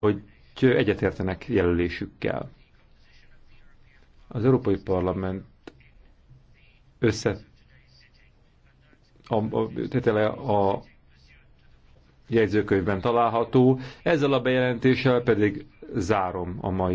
hogy egyetértenek jelölésükkel. Az Európai Parlament össze a, a, a jegyzőkönyvben található, ezzel a bejelentéssel pedig zárom a mai